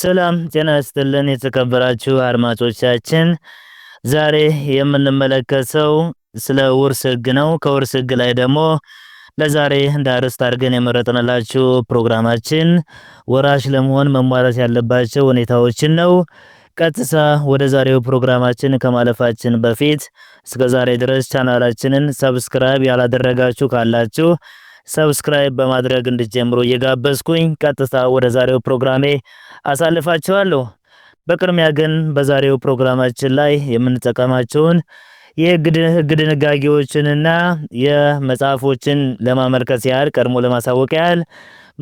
ሰላም ጤና ይስጥልን የተከበራችሁ አድማጮቻችን፣ ዛሬ የምንመለከተው ስለ ውርስ ህግ ነው። ከውርስ ህግ ላይ ደግሞ ለዛሬ እንደ አርዕስት አድርገን የመረጥንላችሁ ፕሮግራማችን ወራሽ ለመሆን መሟላት ያለባቸው ሁኔታዎችን ነው። ቀጥታ ወደ ዛሬው ፕሮግራማችን ከማለፋችን በፊት እስከ ዛሬ ድረስ ቻናላችንን ሰብስክራይብ ያላደረጋችሁ ካላችሁ ሰብስክራይብ በማድረግ እንድትጀምሩ እየጋበዝኩኝ ቀጥታ ወደ ዛሬው ፕሮግራሜ አሳልፋችኋለሁ። በቅድሚያ ግን በዛሬው ፕሮግራማችን ላይ የምንጠቀማቸውን የህግ ድንጋጌዎችንና የመጽሐፎችን ለማመልከት ያህል ቀድሞ ለማሳወቅ ያህል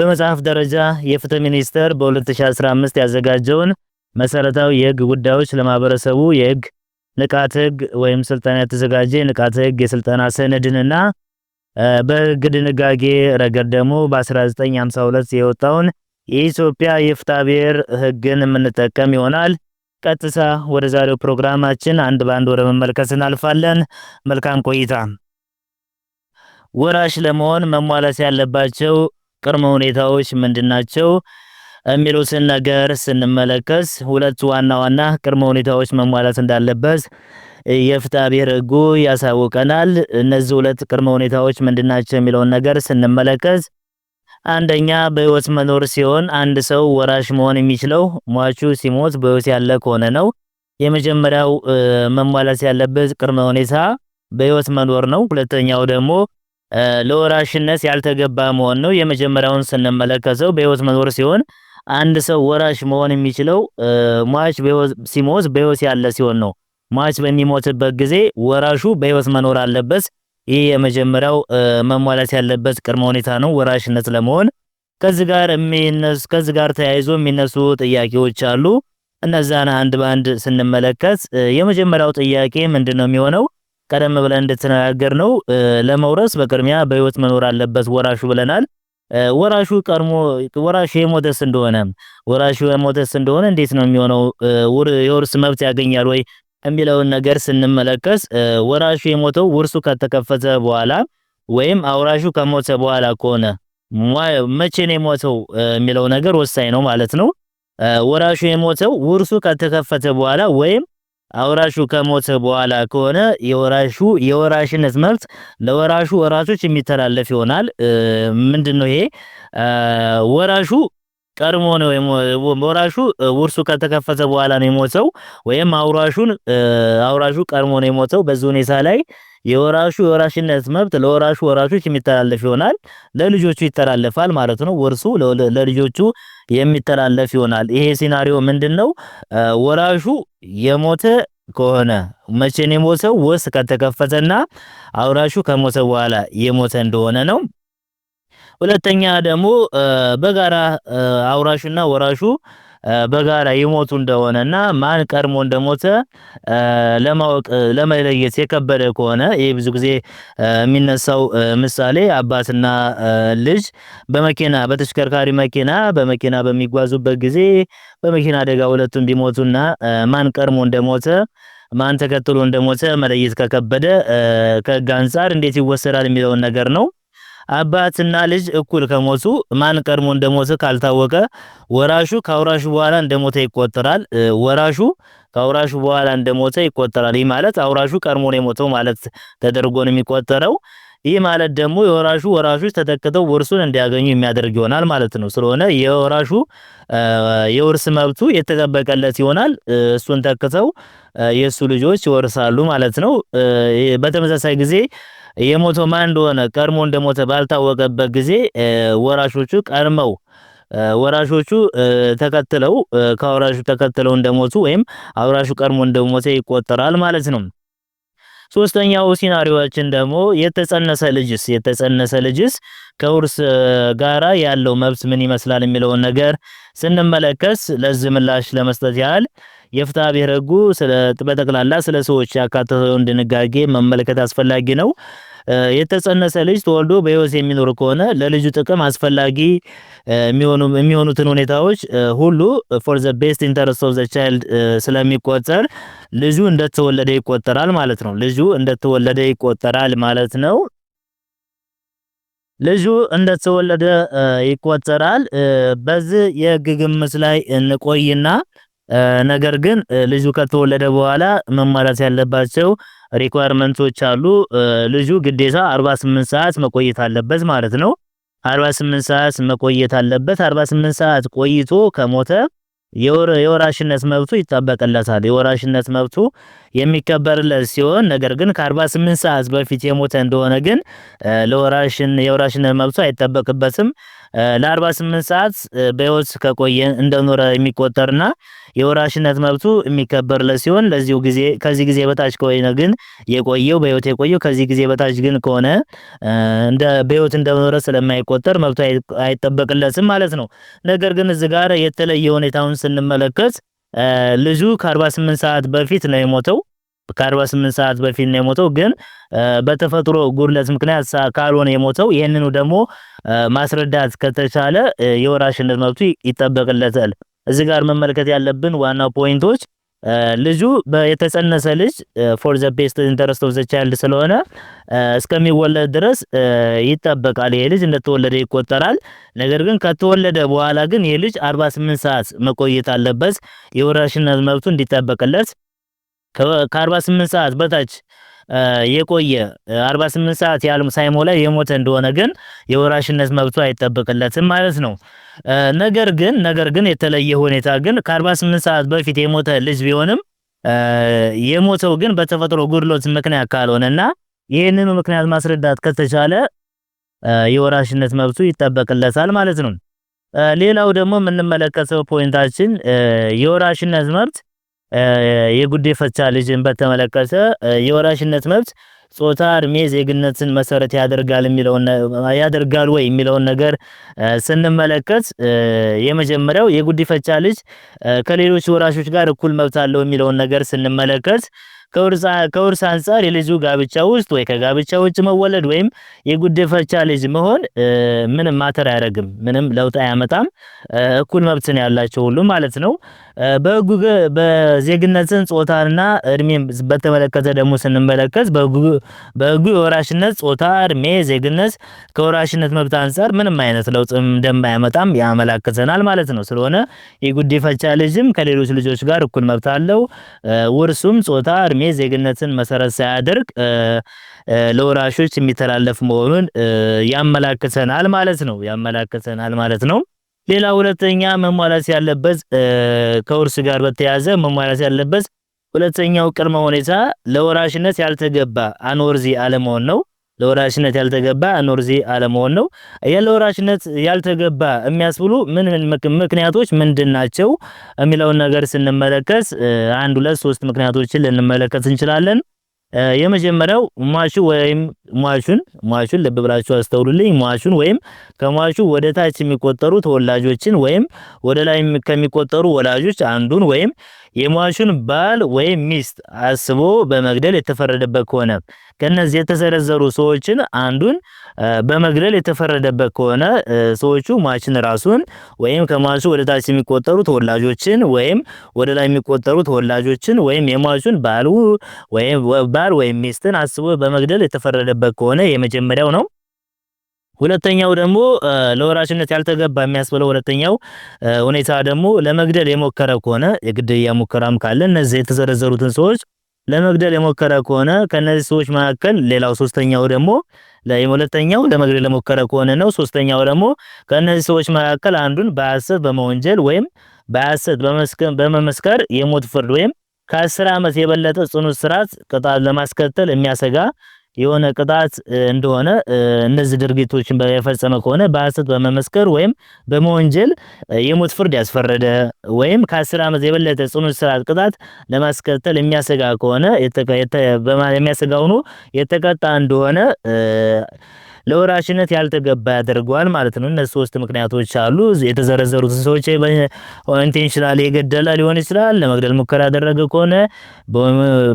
በመጽሐፍ ደረጃ የፍትህ ሚኒስቴር በ2015 ያዘጋጀውን መሰረታዊ የህግ ጉዳዮች ለማህበረሰቡ የህግ ንቃት ህግ ወይም ስልጠና የተዘጋጀ ንቃት ህግ የስልጠና ሰነድንና በህግ ድንጋጌ ረገድ ደግሞ በ1952 የወጣውን የኢትዮጵያ የፍትሐ ብሔር ህግን የምንጠቀም ይሆናል። ቀጥታ ወደ ዛሬው ፕሮግራማችን አንድ በአንድ ወደ መመልከት እናልፋለን። መልካም ቆይታ። ወራሽ ለመሆን መሟላት ያለባቸው ቅድመ ሁኔታዎች ምንድናቸው? የሚሉትን ነገር ስንመለከት ሁለት ዋና ዋና ቅድመ ሁኔታዎች መሟላት እንዳለበት የፍትሐ ብሔር ህጉ ያሳውቀናል። እነዚህ ሁለት ቅድመ ሁኔታዎች ምንድናቸው የሚለውን ነገር ስንመለከት አንደኛ በህይወት መኖር ሲሆን አንድ ሰው ወራሽ መሆን የሚችለው ሟቹ ሲሞት በህይወት ያለ ከሆነ ነው። የመጀመሪያው መሟላት ያለበት ቅድመ ሁኔታ በህይወት መኖር ነው። ሁለተኛው ደግሞ ለወራሽነት ያልተገባ መሆን ነው። የመጀመሪያውን ስንመለከተው በህይወት መኖር ሲሆን አንድ ሰው ወራሽ መሆን የሚችለው ሟች ሲሞት በህይወት ያለ ሲሆን ነው። ሟች በሚሞትበት ጊዜ ወራሹ በህይወት መኖር አለበት። ይህ የመጀመሪያው መሟላት ያለበት ቅድመ ሁኔታ ነው ወራሽነት ለመሆን። ከዚህ ጋር የሚነሱ ከዚህ ጋር ተያይዞ የሚነሱ ጥያቄዎች አሉ። እነዛን አንድ በአንድ ስንመለከት የመጀመሪያው ጥያቄ ምንድን ነው የሚሆነው? ቀደም ብለን እንደተነጋገር ነው ለመውረስ በቅድሚያ በህይወት መኖር አለበት ወራሹ ብለናል። ወራሹ ቀድሞ ወራሹ የሞተስ እንደሆነ ወራሹ የሞተስ እንደሆነ እንዴት ነው የሚሆነው? የውርስ መብት ያገኛል ወይ? የሚለውን ነገር ስንመለከት ወራሹ የሞተው ውርሱ ከተከፈተ በኋላ ወይም አውራሹ ከሞተ በኋላ ከሆነ መቼ ነው የሞተው የሚለው ነገር ወሳኝ ነው ማለት ነው። ወራሹ የሞተው ውርሱ ከተከፈተ በኋላ ወይም አውራሹ ከሞተ በኋላ ከሆነ የወራሹ የወራሽነት መብት ለወራሹ ወራሾች የሚተላለፍ ይሆናል። ምንድነው ይሄ ወራሹ ቀድሞ ነው ወራሹ ውርሱ ከተከፈተ በኋላ ነው የሞተው፣ ወይም አውራሹን አውራሹ ቀድሞ ነው የሞተው። በዚህ ሁኔታ ላይ የወራሹ የወራሽነት መብት ለወራሹ ወራሾች የሚተላለፍ ይሆናል፣ ለልጆቹ ይተላለፋል ማለት ነው። ውርሱ ለልጆቹ የሚተላለፍ ይሆናል። ይሄ ሲናሪዮ ምንድነው? ወራሹ የሞተ ከሆነ መቼን የሞተው? ውርስ ከተከፈተና አውራሹ ከሞተ በኋላ የሞተ እንደሆነ ነው። ሁለተኛ ደግሞ በጋራ አውራሹና ወራሹ በጋራ ይሞቱ እንደሆነና ማን ቀድሞ እንደሞተ ለማወቅ ለመለየት የከበደ ከሆነ ይህ ብዙ ጊዜ የሚነሳው ምሳሌ አባትና ልጅ በመኪና በተሽከርካሪ መኪና በመኪና በሚጓዙበት ጊዜ በመኪና አደጋ ሁለቱም ቢሞቱና ማን ቀድሞ እንደሞተ ማን ተከትሎ እንደሞተ መለየት ከከበደ ከህግ አንጻር እንዴት ይወሰዳል የሚለውን ነገር ነው። አባትና ልጅ እኩል ከሞቱ ማን ቀድሞ እንደሞተ ካልታወቀ ወራሹ ከአውራሹ በኋላ እንደሞተ ይቆጠራል። ወራሹ ከአውራሹ በኋላ እንደሞተ ይቆጠራል። ይህ ማለት አውራሹ ቀድሞ ነው የሞተው ማለት ተደርጎ ነው የሚቆጠረው። ይህ ማለት ደግሞ የወራሹ ወራሾች ተተክተው ውርሱን እንዲያገኙ የሚያደርግ ይሆናል ማለት ነው። ስለሆነ የወራሹ የውርስ መብቱ የተጠበቀለት ይሆናል። እሱን ተክተው የእሱ ልጆች ይወርሳሉ ማለት ነው። በተመሳሳይ ጊዜ የሞተው ማን እንደሆነ ቀድሞ እንደሞተ ባልታወቀበት ጊዜ ወራሾቹ ቀድመው ወራሾቹ ተከትለው ከአውራሹ ተከትለው እንደሞቱ ወይም አውራሹ ቀድሞ እንደሞተ ይቆጠራል ማለት ነው። ሶስተኛው ሲናሪዮችን ደግሞ የተጸነሰ ልጅስ የተጸነሰ ልጅስ ከውርስ ጋራ ያለው መብት ምን ይመስላል የሚለውን ነገር ስንመለከት ለዚህ ምላሽ ለመስጠት ያህል የፍትሐ ብሔር ሕጉ በጠቅላላ ስለ ሰዎች ያካተተውን ድንጋጌ መመልከት አስፈላጊ ነው። የተጸነሰ ልጅ ተወልዶ በህይወት የሚኖር ከሆነ ለልጁ ጥቅም አስፈላጊ የሚሆኑትን ሁኔታዎች ሁሉ ፎር ዘ ቤስት ኢንተረስት ኦፍ ዘ ቻይልድ ስለሚቆጠር ልጁ እንደተወለደ ይቆጠራል ማለት ነው። ልጁ እንደተወለደ ይቆጠራል ማለት ነው። ልጁ እንደተወለደ ይቆጠራል። በዚህ የህግ ግምት ላይ እንቆይና ነገር ግን ልጁ ከተወለደ በኋላ መሟላት ያለባቸው ሪኳርመንቶች አሉ። ልጁ ግዴታ 48 ሰዓት መቆየት አለበት ማለት ነው። 48 ሰዓት መቆየት አለበት። 48 ሰዓት ቆይቶ ከሞተ የወራሽነት መብቱ ይጠበቅለታል። የወራሽነት መብቱ የሚከበርለት ሲሆን ነገር ግን ከ48 ሰዓት በፊት የሞተ እንደሆነ ግን ለወራሽን የወራሽነት መብቱ አይጠበቅበትም። ለ48 ሰዓት በሕይወት ከቆየ እንደኖረ የሚቆጠርና የወራሽነት መብቱ የሚከበርለት ሲሆን ለዚሁ ጊዜ ከዚህ ጊዜ በታች ከሆነ ግን የቆየው በህይወት የቆየው ከዚህ ጊዜ በታች ግን ከሆነ እንደ በህይወት እንደኖረ ስለማይቆጠር መብቱ አይጠበቅለትም ማለት ነው። ነገር ግን እዚህ ጋር የተለየ ሁኔታውን ስንመለከት ልጁ ከ48 ሰዓት በፊት ነው የሞተው። ከ48 ሰዓት በፊት ነው የሞተው። ግን በተፈጥሮ ጉድለት ምክንያት ካልሆነ የሞተው ይህንኑ ደግሞ ማስረዳት ከተቻለ የወራሽነት መብቱ ይጠበቅለታል። እዚህ ጋር መመልከት ያለብን ዋና ፖይንቶች ልጁ የተጸነሰ ልጅ ፎር ዘ ቤስት ኢንተረስት ኦፍ ዘ ቻይልድ ስለሆነ እስከሚወለድ ድረስ ይጠበቃል። ይሄ ልጅ እንደተወለደ ይቆጠራል። ነገር ግን ከተወለደ በኋላ ግን ይሄ ልጅ 48 ሰዓት መቆየት አለበት የወራሽነት መብቱ እንዲጠበቅለት ከ48 ሰዓት በታች የቆየ 48 ሰዓት ያልሙ ሳይሞላ የሞተ እንደሆነ ግን የወራሽነት መብቱ አይጠበቅለትም ማለት ነው። ነገር ግን ነገር ግን የተለየ ሁኔታ ግን ከ48 ሰዓት በፊት የሞተ ልጅ ቢሆንም የሞተው ግን በተፈጥሮ ጉድሎት ምክንያት ካልሆነና ይህንኑ ምክንያት ማስረዳት ከተቻለ የወራሽነት መብቱ ይጠበቅለታል ማለት ነው። ሌላው ደግሞ የምንመለከተው ፖይንታችን የወራሽነት መብት የጉዲፈቻ ልጅን በተመለከተ የወራሽነት መብት ጾታ፣ እድሜ፣ ዜግነትን መሰረት ያደርጋል የሚለውን ያደርጋል ወይ የሚለውን ነገር ስንመለከት የመጀመሪያው የጉዲፈቻ ልጅ ከሌሎች ወራሾች ጋር እኩል መብት አለው የሚለውን ነገር ስንመለከት ከውርስ አንጻር የልጁ ጋብቻ ውስጥ ወይ ከጋብቻ ውጭ መወለድ ወይም የጉዲፈቻ ልጅ መሆን ምንም ማተር አያደርግም፣ ምንም ለውጥ አያመጣም። እኩል መብት ነው ያላቸው ሁሉ ማለት ነው። በዜግነትን ጾታና እድሜን በተመለከተ ደግሞ ስንመለከት በህጉ የወራሽነት ጾታ፣ እድሜ፣ ዜግነት ከወራሽነት መብት አንጻር ምንም አይነት ለውጥ እንደማያመጣም ያመላክተናል ማለት ነው። ስለሆነ የጉዲፈቻ ልጅም ከሌሎች ልጆች ጋር እኩል መብት አለው። ውርሱም ጾታ፣ እድሜ፣ ዜግነትን መሰረት ሳያደርግ ለወራሾች የሚተላለፍ መሆኑን ያመላክተናል ማለት ነው ያመላክተናል ማለት ነው። ሌላ ሁለተኛ መሟላት ያለበት ከውርስ ጋር በተያዘ መሟላት ያለበት ሁለተኛው ቅድመ ሁኔታ ለወራሽነት ያልተገባ አኖርዚ አለመሆን ነው። ለወራሽነት ያልተገባ አኖርዚ አለመሆን ነው። ለወራሽነት ያልተገባ የሚያስብሉ ምን ምክንያቶች ምንድን ናቸው የሚለውን ነገር ስንመለከት አንድ ሁለት ሶስት ምክንያቶችን ልንመለከት እንችላለን። የመጀመሪያው ሟቹ ወይም ሟቹን ሟቹን ልብ ብላችሁ አስተውሉልኝ። ሟቹን ወይም ከሟቹ ወደ ታች የሚቆጠሩ ተወላጆችን ወይም ወደ ላይ ከሚቆጠሩ ወላጆች አንዱን ወይም የሟቹን ባል ወይም ሚስት አስቦ በመግደል የተፈረደበት ከሆነ ከነዚህ የተዘረዘሩ ሰዎችን አንዱን በመግደል የተፈረደበት ከሆነ ሰዎቹ ማችን ራሱን ወይም ከሟቹ ወደ ታች የሚቆጠሩ ተወላጆችን ወይም ወደ ላይ የሚቆጠሩ ተወላጆችን ወይም የሟቹን ባል ወይም ሚስትን አስቦ በመግደል የተፈረደበት ከሆነ የመጀመሪያው ነው። ሁለተኛው ደግሞ ለወራሽነት ያልተገባ የሚያስብለው ሁለተኛው ሁኔታ ደግሞ ለመግደል የሞከረ ከሆነ የግድያ ሙከራም ካለ እነዚህ የተዘረዘሩትን ሰዎች ለመግደል የሞከረ ከሆነ ከነዚህ ሰዎች መካከል ሌላው ሶስተኛው ደግሞ ሁለተኛው ለመግደል የሞከረ ከሆነ ነው። ሶስተኛው ደግሞ ከነዚህ ሰዎች መካከል አንዱን በሐሰት በመወንጀል ወይም በሐሰት በመመስከር የሞት ፍርድ ወይም ከአስር ዓመት የበለጠ ጽኑ እስራት ቅጣት ለማስከተል የሚያሰጋ የሆነ ቅጣት እንደሆነ እነዚህ ድርጊቶችን የፈጸመ ከሆነ በሐሰት በመመስከር ወይም በመወንጀል የሞት ፍርድ ያስፈረደ ወይም ከአስር ዓመት የበለጠ ጽኑ እስራት ቅጣት ለማስከተል የሚያሰጋ ከሆነ የሚያሰጋ ሆኖ የተቀጣ እንደሆነ ለወራሽነት ያልተገባ ያደርገዋል ማለት ነው። እነዚህ ሶስት ምክንያቶች አሉ። የተዘረዘሩትን ሰዎች ኢንቴንሽናል የገደለ ሊሆን ይችላል፣ ለመግደል ሙከራ ያደረገ ከሆነ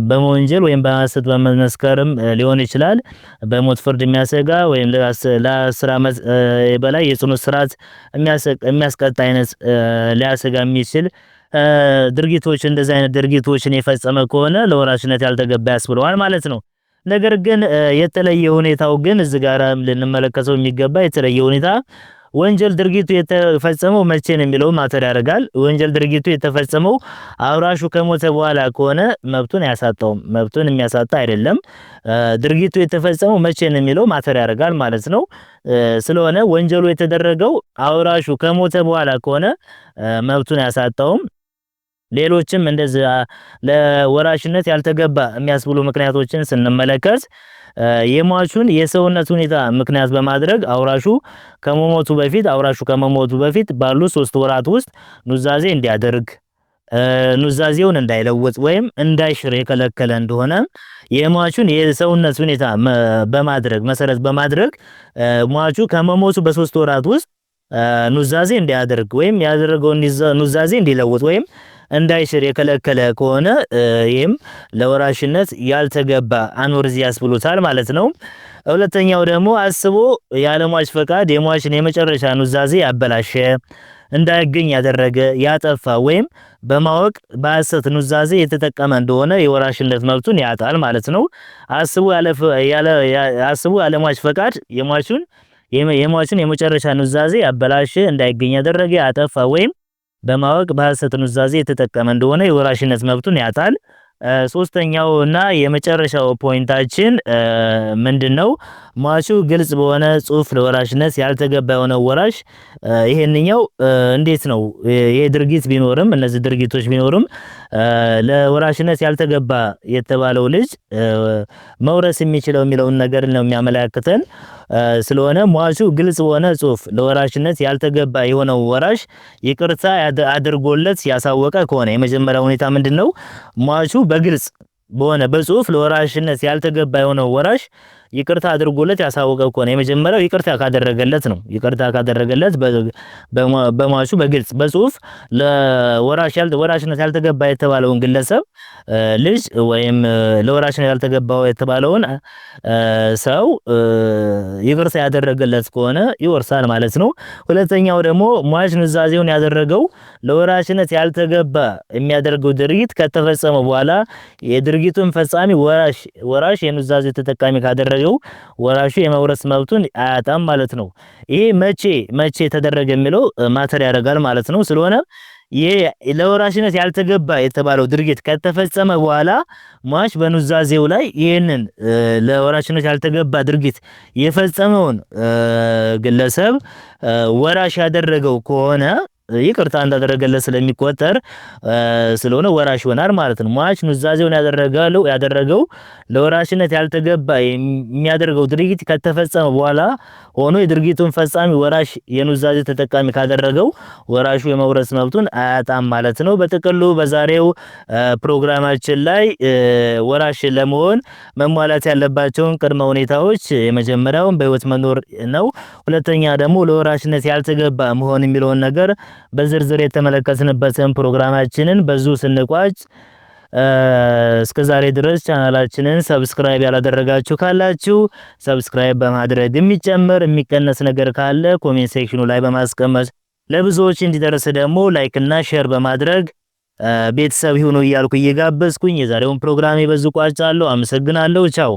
በመወንጀል ወይም በሐሰት በመመስከርም ሊሆን ይችላል፣ በሞት ፍርድ የሚያሰጋ ወይም ለአስር ዓመት በላይ የጽኑ እስራት የሚያስቀጣ አይነት ሊያሰጋ የሚችል ድርጊቶች እንደዚህ አይነት ድርጊቶችን የፈጸመ ከሆነ ለወራሽነት ያልተገባ ያስብለዋል ማለት ነው። ነገር ግን የተለየ ሁኔታው ግን እዚህ ጋር ልንመለከተው የሚገባ የተለየ ሁኔታ ወንጀል ድርጊቱ የተፈጸመው መቼ ነው የሚለው ማተር ያደርጋል። ወንጀል ድርጊቱ የተፈጸመው አውራሹ ከሞተ በኋላ ከሆነ መብቱን አያሳጣውም፣ መብቱን የሚያሳጣ አይደለም። ድርጊቱ የተፈጸመው መቼ ነው የሚለው ማተር ያደርጋል ማለት ነው። ስለሆነ ወንጀሉ የተደረገው አውራሹ ከሞተ በኋላ ከሆነ መብቱን አያሳጣውም። ሌሎችም እንደዚህ ለወራሽነት ያልተገባ የሚያስብሉ ምክንያቶችን ስንመለከት የሟቹን የሰውነት ሁኔታ ምክንያት በማድረግ አውራሹ ከመሞቱ በፊት አውራሹ ከመሞቱ በፊት ባሉ ሶስት ወራት ውስጥ ኑዛዜ እንዲያደርግ ኑዛዜውን እንዳይለውጥ ወይም እንዳይሽር የከለከለ እንደሆነ የሟቹን የሰውነት ሁኔታ በማድረግ መሰረት በማድረግ ሟቹ ከመሞቱ በሶስት ወራት ውስጥ ኑዛዜ እንዲያደርግ ወይም ያደረገውን ኑዛዜ እንዲለውጥ ወይም እንዳይሽር የከለከለ ከሆነ ይህም ለወራሽነት ያልተገባ አኖርዚያስ ብሎታል ማለት ነው። ሁለተኛው ደግሞ አስቦ ያለሟች ፈቃድ የሟችን የመጨረሻ ኑዛዜ ያበላሸ፣ እንዳይገኝ ያደረገ፣ ያጠፋ ወይም በማወቅ በሐሰት ኑዛዜ የተጠቀመ እንደሆነ የወራሽነት መብቱን ያጣል ማለት ነው። አስቡ ያለሟች ፈቃድ የሟቹን የመጨረሻ ኑዛዜ ያበላሸ፣ እንዳይገኝ ያደረገ፣ ያጠፋ ወይም በማወቅ በሐሰት ኑዛዜ የተጠቀመ እንደሆነ የወራሽነት መብቱን ያጣል። ሶስተኛው እና የመጨረሻው ፖይንታችን ምንድነው? ሟቹ ግልጽ በሆነ ጽሁፍ ለወራሽነት ያልተገባ የሆነ ወራሽ ይሄንኛው እንዴት ነው? ይሄ ድርጊት ቢኖርም እነዚህ ድርጊቶች ቢኖርም ለወራሽነት ያልተገባ የተባለው ልጅ መውረስ የሚችለው የሚለውን ነገር ነው የሚያመላክተን ስለሆነ ሟቹ ግልጽ በሆነ ጽሁፍ ለወራሽነት ያልተገባ የሆነው ወራሽ ይቅርታ አድርጎለት ያሳወቀ ከሆነ የመጀመሪያ ሁኔታ ምንድን ነው? ሟቹ በግልጽ በሆነ በጽሁፍ ለወራሽነት ያልተገባ የሆነው ወራሽ ይቅርታ አድርጎለት ያሳወቀ ከሆነ የመጀመሪያው ይቅርታ ካደረገለት ነው። ይቅርታ ካደረገለት በሟቹ በግልጽ በጽሁፍ ለወራሽ ወራሽነት ያልተገባ የተባለውን ግለሰብ ልጅ ወይም ለወራሽነት ያልተገባው የተባለውን ሰው ይቅርታ ያደረገለት ከሆነ ይወርሳል ማለት ነው። ሁለተኛው ደግሞ ሟች ኑዛዜውን ያደረገው ለወራሽነት ያልተገባ የሚያደርገው ድርጊት ከተፈጸመ በኋላ የድርጊቱን ፈጻሚ ወራሽ ወራሽ የኑዛዜ ተጠቃሚ ካደረገ ከተደረገው ወራሹ የመውረስ መብቱን አያጣም ማለት ነው። ይሄ መቼ መቼ ተደረገ የሚለው ማተር ያደርጋል ማለት ነው። ስለሆነ ይሄ ለወራሽነት ያልተገባ የተባለው ድርጊት ከተፈጸመ በኋላ ሟች በኑዛዜው ላይ ይህንን ለወራሽነት ያልተገባ ድርጊት የፈጸመውን ግለሰብ ወራሽ ያደረገው ከሆነ ይቅርታ እንዳደረገለት ስለሚቆጠር ስለሆነ ወራሽ ይሆናል ማለት ነው። ሟች ኑዛዜውን ያደረገው ለወራሽነት ያልተገባ የሚያደርገው ድርጊት ከተፈጸመ በኋላ ሆኖ የድርጊቱን ፈጻሚ ወራሽ የኑዛዜ ተጠቃሚ ካደረገው ወራሹ የመውረስ መብቱን አያጣም ማለት ነው። በጥቅሉ በዛሬው ፕሮግራማችን ላይ ወራሽ ለመሆን መሟላት ያለባቸውን ቅድመ ሁኔታዎች የመጀመሪያውን በህይወት መኖር ነው። ሁለተኛ ደግሞ ለወራሽነት ያልተገባ መሆን የሚለውን ነገር በዝርዝር የተመለከትንበትን ፕሮግራማችንን በዙ ስንቋጭ እስከ ዛሬ ድረስ ቻናላችንን ሰብስክራይብ ያላደረጋችሁ ካላችሁ ሰብስክራይብ በማድረግ የሚጨመር የሚቀነስ ነገር ካለ ኮሜንት ሴክሽኑ ላይ በማስቀመጥ ለብዙዎች እንዲደርስ ደግሞ ላይክ እና ሼር በማድረግ ቤተሰብ ይሁኑ እያልኩ እየጋበዝኩኝ የዛሬውን ፕሮግራም በዙ ቋጫለሁ። አመሰግናለሁ። ቻው